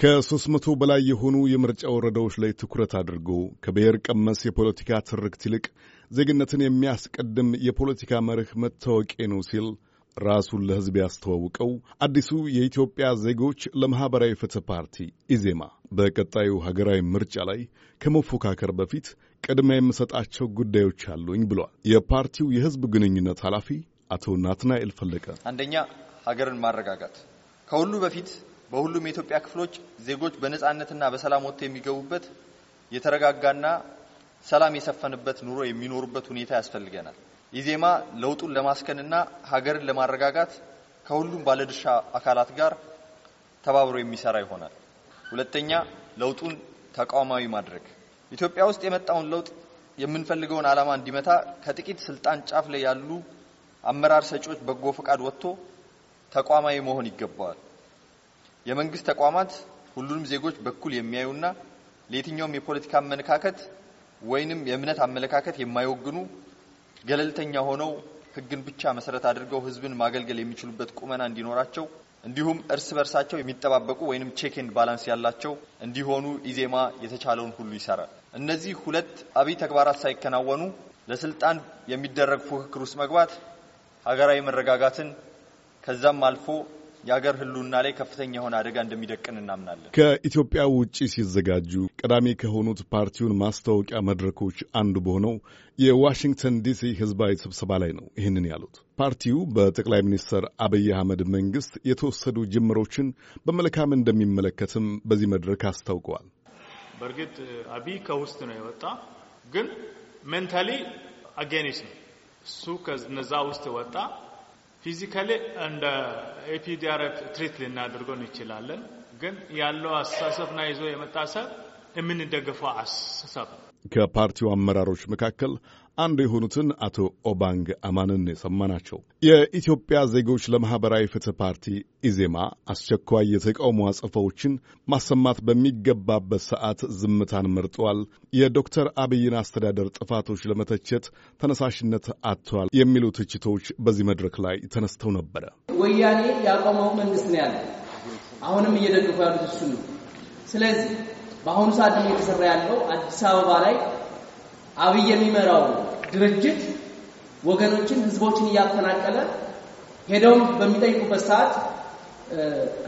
ከሦስት መቶ በላይ የሆኑ የምርጫ ወረዳዎች ላይ ትኩረት አድርጎ ከብሔር ቀመስ የፖለቲካ ትርክት ይልቅ ዜግነትን የሚያስቀድም የፖለቲካ መርህ መታወቂያ ነው ሲል ራሱን ለሕዝብ ያስተዋውቀው አዲሱ የኢትዮጵያ ዜጎች ለማኅበራዊ ፍትህ ፓርቲ ኢዜማ በቀጣዩ ሀገራዊ ምርጫ ላይ ከመፎካከር በፊት ቅድሚያ የምሰጣቸው ጉዳዮች አሉኝ ብሏል። የፓርቲው የሕዝብ ግንኙነት ኃላፊ አቶ ናትናኤል ፈለቀ አንደኛ ሀገርን ማረጋጋት ከሁሉ በፊት በሁሉም የኢትዮጵያ ክፍሎች ዜጎች በነጻነትና በሰላም ወጥተው የሚገቡበት የተረጋጋና ሰላም የሰፈንበት ኑሮ የሚኖሩበት ሁኔታ ያስፈልገናል። ኢዜማ ለውጡን ለማስከንና ሀገርን ለማረጋጋት ከሁሉም ባለድርሻ አካላት ጋር ተባብሮ የሚሰራ ይሆናል። ሁለተኛ፣ ለውጡን ተቋማዊ ማድረግ ኢትዮጵያ ውስጥ የመጣውን ለውጥ የምንፈልገውን ዓላማ እንዲመታ ከጥቂት ስልጣን ጫፍ ላይ ያሉ አመራር ሰጪዎች በጎ ፈቃድ ወጥቶ ተቋማዊ መሆን ይገባዋል። የመንግስት ተቋማት ሁሉንም ዜጎች በኩል የሚያዩና ለየትኛውም የፖለቲካ አመለካከት ወይንም የእምነት አመለካከት የማይወግኑ ገለልተኛ ሆነው ህግን ብቻ መሰረት አድርገው ህዝብን ማገልገል የሚችሉበት ቁመና እንዲኖራቸው እንዲሁም እርስ በርሳቸው የሚጠባበቁ ወይንም ቼክ ኤንድ ባላንስ ያላቸው እንዲሆኑ ኢዜማ የተቻለውን ሁሉ ይሰራል። እነዚህ ሁለት አብይ ተግባራት ሳይከናወኑ ለስልጣን የሚደረግ ፉክክር ውስጥ መግባት ሀገራዊ መረጋጋትን ከዛም አልፎ የአገር ህልውና ላይ ከፍተኛ የሆነ አደጋ እንደሚደቅን እናምናለን። ከኢትዮጵያ ውጭ ሲዘጋጁ ቀዳሚ ከሆኑት ፓርቲውን ማስታወቂያ መድረኮች አንዱ በሆነው የዋሽንግተን ዲሲ ህዝባዊ ስብሰባ ላይ ነው ይህንን ያሉት። ፓርቲው በጠቅላይ ሚኒስትር አብይ አህመድ መንግስት የተወሰዱ ጅምሮችን በመልካም እንደሚመለከትም በዚህ መድረክ አስታውቀዋል። በእርግጥ አብይ ከውስጥ ነው የወጣ ግን ሜንታሊ አጌኒስ ነው እሱ ከነዛ ውስጥ ወጣ ፊዚካሊ እንደ ኤፒዲያረት ትሪት ልናደርገው እንችላለን። ግን ያለው አስተሳሰብና ይዞ የመጣ ሰብ የምንደገፈው አስተሳሰብ ነው። ከፓርቲው አመራሮች መካከል አንዱ የሆኑትን አቶ ኦባንግ አማንን የሰማናቸው። የኢትዮጵያ ዜጎች ለማኅበራዊ ፍትህ ፓርቲ ኢዜማ አስቸኳይ የተቃውሞ አጽፋዎችን ማሰማት በሚገባበት ሰዓት ዝምታን መርጠዋል፣ የዶክተር አብይን አስተዳደር ጥፋቶች ለመተቸት ተነሳሽነት አጥተዋል የሚሉ ትችቶች በዚህ መድረክ ላይ ተነስተው ነበረ። ወያኔ ያቆመው መንግስት ነው ያለ አሁንም እየደግፉ ያሉት እሱ ነው። ስለዚህ በአሁኑ ሰዓት ደግሞ እየተሰራ ያለው አዲስ አበባ ላይ አብይ የሚመራው ድርጅት ወገኖችን፣ ህዝቦችን እያፈናቀለ ሄደውም በሚጠይቁበት ሰዓት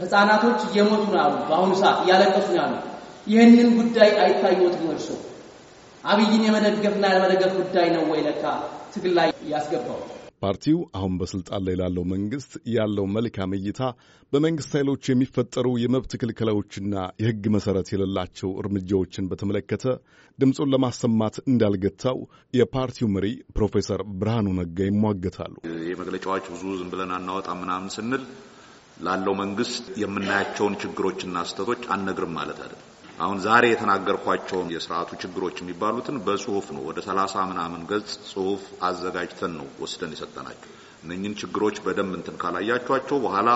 ህፃናቶች እየሞቱ ነው ያሉ፣ በአሁኑ ሰዓት እያለቀሱ ነው ያሉ። ይህንን ጉዳይ አይታየዎትም? እርሶ አብይን የመደገፍና ያለመደገፍ ጉዳይ ነው ወይ ለካ ትግል ላይ ያስገባው? ፓርቲው አሁን በስልጣን ላይ ላለው መንግስት ያለው መልካም እይታ በመንግስት ኃይሎች የሚፈጠሩ የመብት ክልክላዎችና የሕግ መሠረት የሌላቸው እርምጃዎችን በተመለከተ ድምፁን ለማሰማት እንዳልገታው የፓርቲው መሪ ፕሮፌሰር ብርሃኑ ነጋ ይሟገታሉ። የመግለጫዎች ብዙ ዝም ብለን አናወጣ ምናምን ስንል ላለው መንግስት የምናያቸውን ችግሮችና ስህተቶች አንነግርም ማለት አይደለም። አሁን ዛሬ የተናገርኳቸውን የስርዓቱ ችግሮች የሚባሉትን በጽሁፍ ነው ወደ ሰላሳ ምናምን ገጽ ጽሁፍ አዘጋጅተን ነው ወስደን የሰጠናቸው። እነኝን ችግሮች በደንብ እንትን ካላያቸዋቸው በኋላ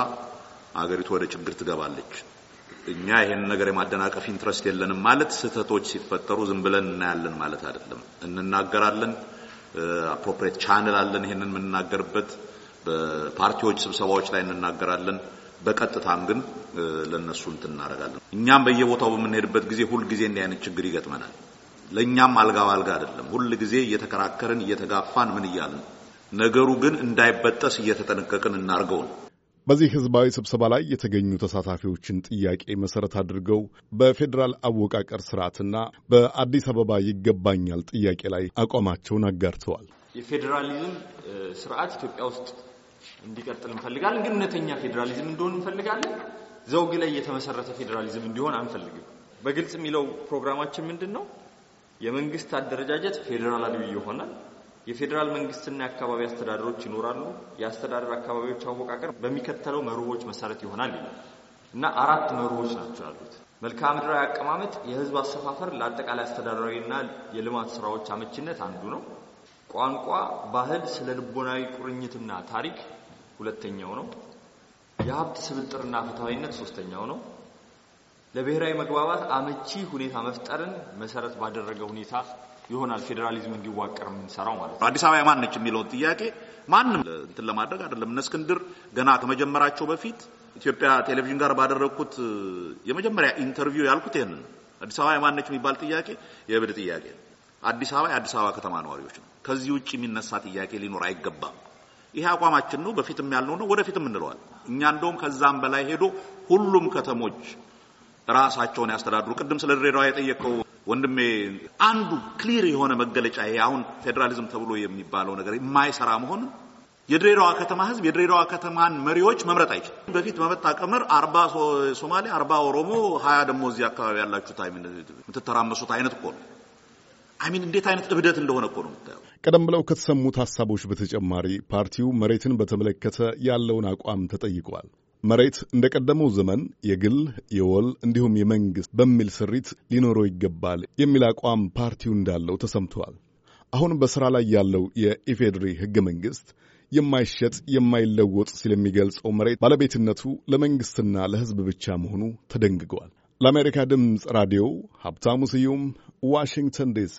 አገሪቱ ወደ ችግር ትገባለች። እኛ ይሄን ነገር የማደናቀፍ ኢንትረስት የለንም ማለት ስህተቶች ሲፈጠሩ ዝም ብለን እናያለን ማለት አይደለም። እንናገራለን። አፕሮፕሬት ቻንል አለን። ይሄንን የምንናገርበት በፓርቲዎች ስብሰባዎች ላይ እንናገራለን። በቀጥታም ግን ለነሱ እንትን እናደርጋለን። እኛም በየቦታው በምንሄድበት ጊዜ ሁል ጊዜ እንዲህ አይነት ችግር ይገጥመናል። ለእኛም አልጋ ባልጋ አይደለም። ሁል ጊዜ እየተከራከርን እየተጋፋን ምን እያልን ነገሩ ግን እንዳይበጠስ እየተጠነቀቅን እናርገው ነው። በዚህ ህዝባዊ ስብሰባ ላይ የተገኙ ተሳታፊዎችን ጥያቄ መሰረት አድርገው በፌዴራል አወቃቀር ስርዓትና በአዲስ አበባ ይገባኛል ጥያቄ ላይ አቋማቸውን አጋርተዋል። የፌዴራሊዝም ስርዓት ኢትዮጵያ ውስጥ እንዲቀጥል እንፈልጋለን። ግን እውነተኛ ፌዴራሊዝም እንዲሆን እንፈልጋለን። ዘውግ ላይ የተመሰረተ ፌዴራሊዝም እንዲሆን አንፈልግም። በግልጽ የሚለው ፕሮግራማችን ምንድን ነው? የመንግስት አደረጃጀት ፌዴራላዊ ይሆናል። የፌዴራል መንግስትና የአካባቢ አስተዳደሮች ይኖራሉ። የአስተዳደር አካባቢዎች አወቃቀር በሚከተለው መርሆች መሰረት ይሆናል ይላል እና አራት መርሆች ናቸው ያሉት መልክዓ ምድራዊ አቀማመጥ፣ የህዝብ አሰፋፈር ለአጠቃላይ አስተዳደራዊና የልማት ስራዎች አመችነት አንዱ ነው። ቋንቋ፣ ባህል፣ ስለ ልቦናዊ ቁርኝትና ታሪክ ሁለተኛው ነው። የሀብት ስብጥርና ፍትሐዊነት ሶስተኛው ነው። ለብሔራዊ መግባባት አመቺ ሁኔታ መፍጠርን መሰረት ባደረገ ሁኔታ ይሆናል ፌዴራሊዝም እንዲዋቀር የምንሰራው ማለት ነው። አዲስ አበባ የማን ነች የሚለውን ጥያቄ ማንም እንትን ለማድረግ አይደለም። እነ እስክንድር ገና ከመጀመራቸው በፊት ኢትዮጵያ ቴሌቪዥን ጋር ባደረግኩት የመጀመሪያ ኢንተርቪው ያልኩት ይህንን አዲስ አበባ የማን ነች የሚባል ጥያቄ የእብድ ጥያቄ ነው። አዲስ አበባ የአዲስ አበባ ከተማ ነዋሪዎች ነው። ከዚህ ውጭ የሚነሳ ጥያቄ ሊኖር አይገባም። ይሄ አቋማችን ነው። በፊትም ያልነው ነው፣ ወደፊትም እንለዋል። እኛ እንደውም ከዛም በላይ ሄዶ ሁሉም ከተሞች ራሳቸውን ያስተዳድሩ። ቅድም ስለ ድሬዳዋ የጠየቀው ወንድሜ አንዱ ክሊር የሆነ መገለጫ ይሄ አሁን ፌዴራሊዝም ተብሎ የሚባለው ነገር የማይሰራ መሆን የድሬዳዋ ከተማ ህዝብ የድሬዳዋ ከተማን መሪዎች መምረጥ አይችልም። በፊት በመጣ ቀመር አርባ ሶማሌ፣ አርባ ኦሮሞ፣ ሀያ ደግሞ እዚህ አካባቢ ያላችሁት የምትተራመሱት አይነት እኮ ነው። አሚን እንዴት አይነት እብደት እንደሆነ እኮ ነው የምታየው። ቀደም ብለው ከተሰሙት ሀሳቦች በተጨማሪ ፓርቲው መሬትን በተመለከተ ያለውን አቋም ተጠይቋል። መሬት እንደ ቀደመው ዘመን የግል የወል እንዲሁም የመንግሥት በሚል ስሪት ሊኖረው ይገባል የሚል አቋም ፓርቲው እንዳለው ተሰምተዋል። አሁን በሥራ ላይ ያለው የኢፌድሪ ሕገ መንግሥት የማይሸጥ የማይለወጥ ስለሚገልጸው መሬት ባለቤትነቱ ለመንግሥትና ለሕዝብ ብቻ መሆኑ ተደንግገዋል። ለአሜሪካ ድምፅ ራዲዮ ሀብታሙ ስዩም ዋሽንግተን ዲሲ